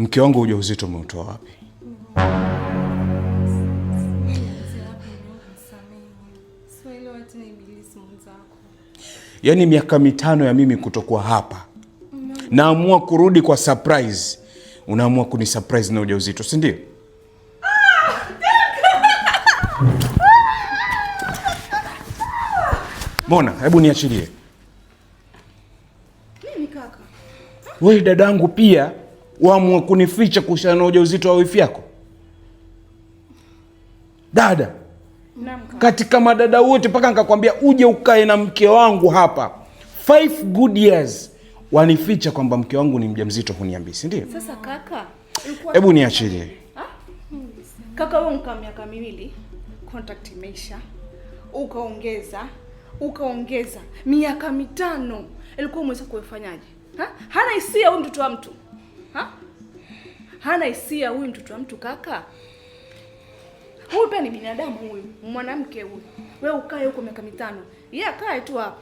mke wangu ujauzito umeutoa wapi? Yaani miaka mitano ya mimi kutokuwa hapa, naamua kurudi kwa surprise, unaamua kuni surprise na ujauzito, si ndio? Mbona, hebu niachilie wewe dadangu pia uamue kunificha kuhusiana na ujauzito wa wifi yako? Dada katika madada wote, mpaka nikakwambia uje ukae na mke wangu hapa five good years, wanificha kwamba mke wangu ni mjamzito, huniambii, si ndio? Sasa kaka, hebu niachilie kaka. Wewe unka miaka miwili contract imeisha, ukaongeza ukaongeza miaka mitano, ilikuwa umeweza Ha? Hana hisia huyu mtoto wa mtu ha? Hana hisia huyu mtoto wa mtu kaka. Huyu pia ni binadamu huyu, mwanamke huyu. Wewe ukae huko miaka mitano, yeye akae tu hapa.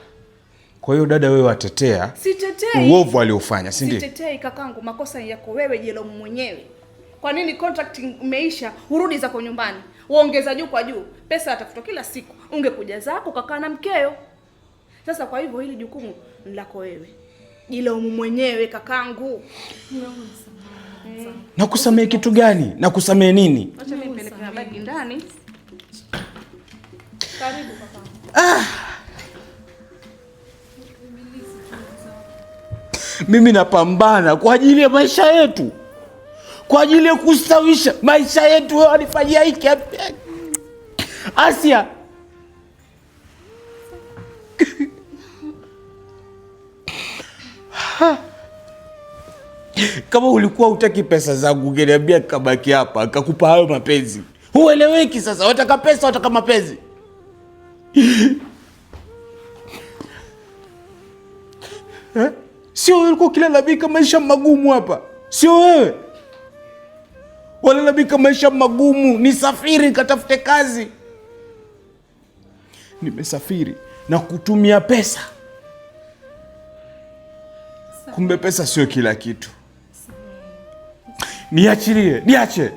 Kwa hiyo dada, wewe watetea? Sitetei uovu aliofanya, si ndio? Sitetei kakangu, makosa yako wewe, jelomu mwenyewe. Kwa nini contract imeisha, urudi zako nyumbani, uongeza juu kwa juu, pesa atafuta kila siku, ungekuja zako kakaa na mkeo. Sasa kwa hivyo hili jukumu ni lako wewe umu mwenyewe kakangu. Nakusamehe kitu gani? Nakusamehe nini? Ah. Mimi napambana kwa ajili ya maisha yetu, kwa ajili ya kustawisha maisha yetu. Wewe wanifanyia hiki Asia Kama ulikuwa utaki pesa zangu ungeniambia kabaki hapa akakupa hayo mapenzi. Hueleweki sasa, wataka pesa, wataka mapenzi. Eh? Sio wewe ulikuwa ukilalamika maisha magumu hapa, sio wewe walalamika maisha magumu. Nisafiri katafute kazi, nimesafiri na kutumia pesa kumbe pesa sio kila kitu. Niachilie, niache.